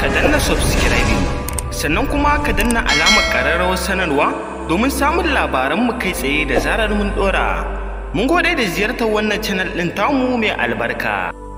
ka danna subscribing sannan kuma ka danna alamar ƙararrawar sanarwa domin samun labaranmu kai tsaye da zarar mun ɗora. Mun gode da ziyartar wannan channel ɗin tamu mai albarka.